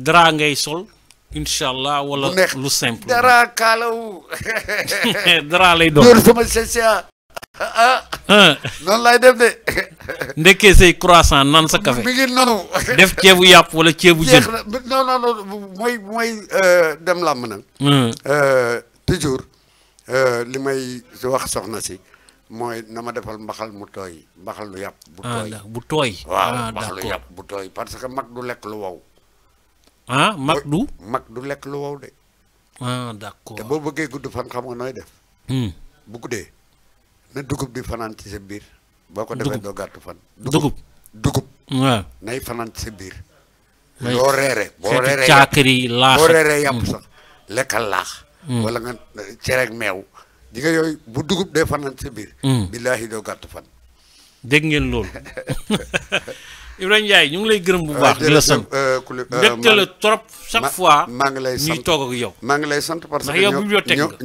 dara ngay sol incha allah wala lu simple dara kaalawu dara lay doon sama CCA ah, ah. ah. laay def de ndekkee say croissant naan sa café mi ngi noonu def ceebu yàpp wala ceebu jën non non non mooy mooy euh, dem làmb nag mm. euh, toujours euh, li may wax soxna si mooy na ma defal mbaxal mu tooy mbaxal lu yàpp bu tooy ah, bu tooy waaw mbaxal lu yàpp bu tooy parce que mag du lekk lu wow ah mag du mag du lekk lu wow de. ah d'accord te boo bëggee gudd fan xam nga nooy def. Hmm. bu guddee na dugub di fanaan ci sa biir. boo ko defee doo gàttu fan. dugub dugub. waaw nay fanaan ci sa biir. loo reere boo reeree caakiri laax yàpp hmm. sax lekkal laax. Hmm. wala nga eh, cereeg meew. di nga bu dugub dee fanaan ci sa biir. billaahi doo gàttu fan. dégg ngeen loolu. Ibrahima Ndiaye ñu ngi lay gërëm bu euh, baax. di la sant euh, euh, mbégte trop chaque fois. maa ngi lay sant toog yow. maa ngi lay sant parce que yow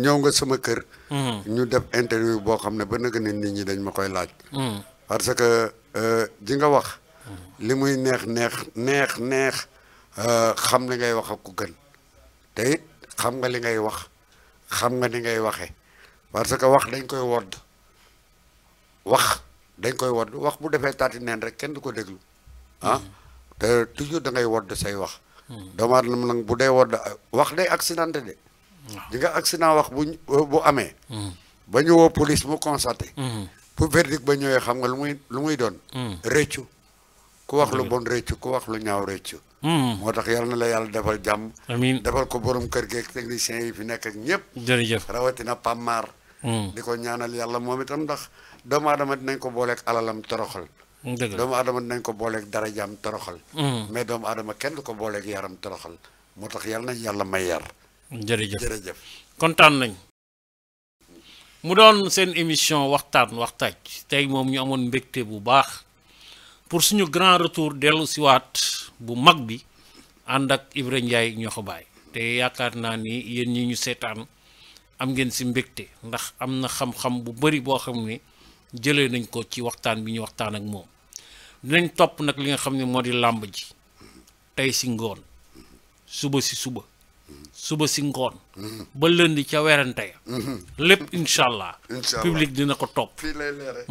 ñëw nga sama kër. Mm-hmm. ñu def interview boo xam ne ba nag ne nit ñi dañ ma koy laaj. Mm-hmm. parce que ji nga wax. Mm-hmm. li muy neex neex neex neex xam li ngay wax ak ku gën te xam nga li ngay wax xam nga ni ngay waxee parce que wax dañ koy wodd wax dañ koy wodd wax bu defee taati neen rek kenn du ko déglu. ah te toujours da ngay wodd say wax. doomu aadama nag bu dee wodd wax day accidenté de. di nga accident wax bu euh, bu amee. Hmm. ba ñëwoo police mu constaté. bu hmm. verdict ba ñëwee xam nga lu muy lu muy doon. Hmm. rëccu ku wax lu bon rëccu ku wax lu ñaaw rëccu. moo tax yal na la yàlla defal jàmm. amiin defal ko borom kër gi ak yi fi nekk ak ñëpp. jërëjëf rawatina Pam di ko ñaanal yàlla moom itam ndax doomu aadama dinañ ko booleeg alalam toroxal. dom adama nañ ko booleeg dara jam toroxal mm. mais doomu adama kenn du ko booleeg yaram toroxal moo tax yàlla nañ yàlla may yar jërëjëf jërëjëf kontaan nañ mu doon seen émission waxtaan waxtaaj tey moom ñu amoon mbégte bu baax pour suñu grand retour dellu siwaat bu mag bi ànd ak Ibra Ndiaye ñoo ko bàyyi te yaakaar naa ni yéen ñi ñu seetaan am ngeen si mbégte ndax am na xam-xam bu bari boo xam ne jëlee nañ ko ci waxtaan bi ñu waxtaan ak moom dinañ topp nag li nga xam ne moo di làmb ji tey si ngoon suba si suba suba si ngoon ba lënd ca werante ya lépp incha allah public dina ko topp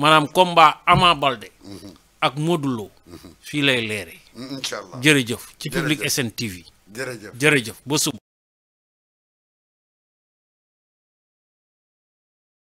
maanaam combat Ama Baldé ak Modou Lo lay leere jërëjëf ci public SN TV jërëjëf ba suba